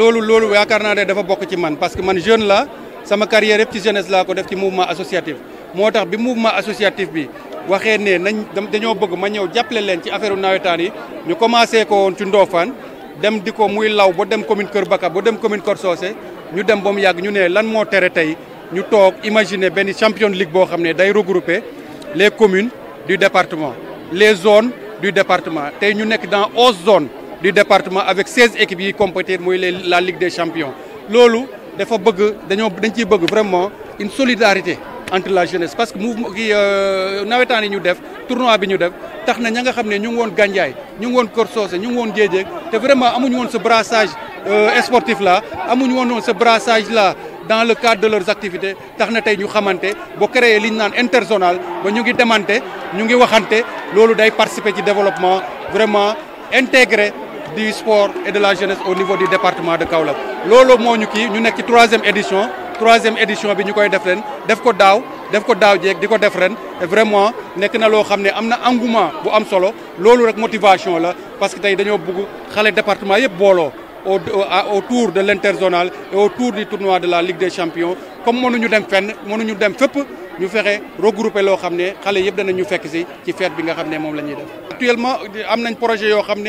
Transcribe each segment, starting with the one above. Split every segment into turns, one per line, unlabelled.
loolu loolu yakarna de dafa bokk ci man parce que man jeune la sama carrière yëpp ci jeunesse laa ko def ci mouvement associatif motax bi mouvement associatif bi waxé né nañ dañoo bëgg ma ñëw jàppale leen ci affaire nawetaan yi ñu commencé ko woon ci Ndofane dem diko muy law bo dem commune keur Baka bo dem commune Kër Socé ñu dem ba yag ñu né lan mo téré tay ñu tok imaginer benn champion league bo xamné day regrouper les communes du département les zones du département tay ñu nekk dans 11 zones du département avec 16 équipes qui compétir la Ligue des champions loolu dafa bëgg dañoo dañ vraiment une solidarité entre la jeunesse parce que mouvement qui est euh, yi ñu def tournoi bi ñu def tax na ña nga xam ne ñu ngi nous Gandiaye ñu ngi vraiment amuñu ce brassage euh, sportif là amuñu avons ce brassage là dans le cadre de leurs activités Nous avons ñu créé une ligne interzonale, nous avons ñu ngi avons ñu ngi participer développement vraiment intégré du sport et de la jeunesse au niveau du département de Kaolack Lolo Monuki, nous sommes ñu nekk ci troisième édition troisième édition bi nous koy def ren def ko daaw def ko Et vraiment nous na loo xam ne engouement bu am solo lolo rek motivation la parce que nous dañoo bëgg les département yëpp Bolo autour de l'interzonal et autour du tournoi de la Ligue des Champions comme nous dem fenn nous dem fait, nous ferons regrouper les xam les gens qui ont fekk si ci fête bi nga actuellement am nañ projet yoo xam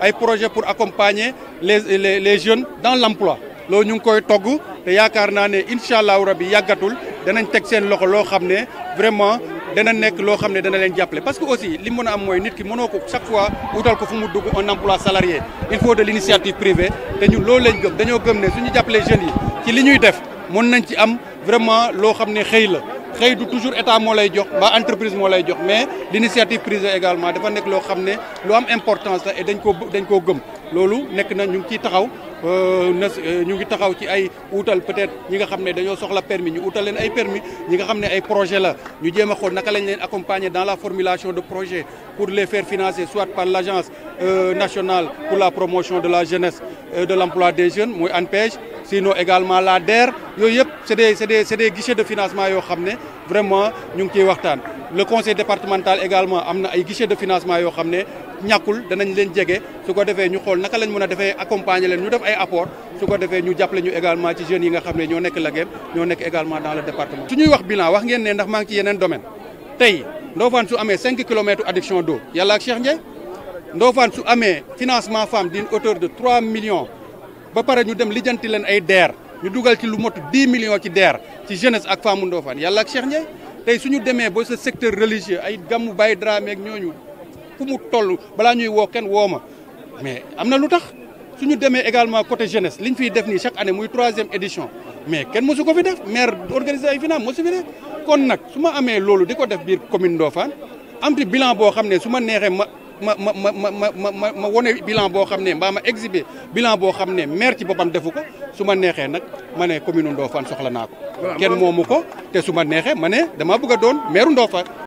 ay projet pour accompagner les les les jeunes dans l'emploi lo ñu ngi koy togg te yaakaar naa ne incha allahu rabi yàggatul danañ teg seen loxo loo xam ne vraiment dana nekk loo xam ne dana leen jàppale parce que aussi li mën a am mooy nit ki mënoo ko chaque fois utal ko fu mu dugg un emploi salarié il faut de l'initiative privée te ñu loolu lañ gëm dañoo gëm ne suñu jàppalee jeunes yi ci li ñuy def mën nañ ci am vraiment loo xam ne xëy la xëy du toujours état moo lay jox ba entreprise moo lay jox mais l'initiative prise également dafa nekk loo xam ne lu am importance la et dañ koo dañ koo gëm loolu nekk na ñu ngi ciy taxaw euh, na euh, ñu ngi taxaw ci ay utal peut-être ñi nga xam ne dañoo soxla permis ñu utal leen ay permis ñi nga xam ne ay projet la ñu jéem a xool naka lañ leen accompagner dans la formulation de projet pour les faire financer soit par l'agence euh, nationale pour la promotion de la jeunesse de l'emploi des jeunes mooy ANPEJ sinon également la DER yooyu yëpp c'est des c'est des des guichets de financement yo xamné vraiment ñu ngi ciy waxtaan le conseil départemental également amna ay guichets de financement yo xamné ñakul ñàkkul danañ leen jege su ko defee ñu xol naka lañ mëna défé accompagner leen ñu def ay apport su ko defee ñu jàppale ñu également ci jeunes yi nga xamné ne nek la Laguem ñoo nek également dans le département. suñuy wax bilan wax ngeen né ndax ma ngi ci yenen domaine tay Ndofane su amé 5 km addiction d'eau yalla ak Cheikh Ndiaye Ndofane su amé financement femme d'une hauteur de 3 millions ba paré ñu dem lijjanti leen ay DER ñu dugal ci lu mot 10 millions ci DER ci jeunesse ak femme Ndofane yalla ak Cheikh Ndiaye tay suñu démé bo ce secteur religieux ay gàmmu Baye Dramé ak ñooñu fu mu toll balaa ñuy wo ken woma mais amna lutax suñu démé également côté jeunesse liñ ñu fiy def ni chaque année muy 3 troisième édition mais ken mosu ko fi def maire organiser ay finance mosu fi def kon nak suma amé lolu diko def bir commune Ndofane am ci bilan bo xamné suma nexé ma ma ma ma ma ma woné bilan bo xamné ne mbaa ma exhiber bilan bo xamné maire ci bopam defuko su ma neexee nag ma ne commune Ndofane soxla naa ko. kenn moomu ko te su ma neexee ma ne damaa bëgg a doon maire Ndofane.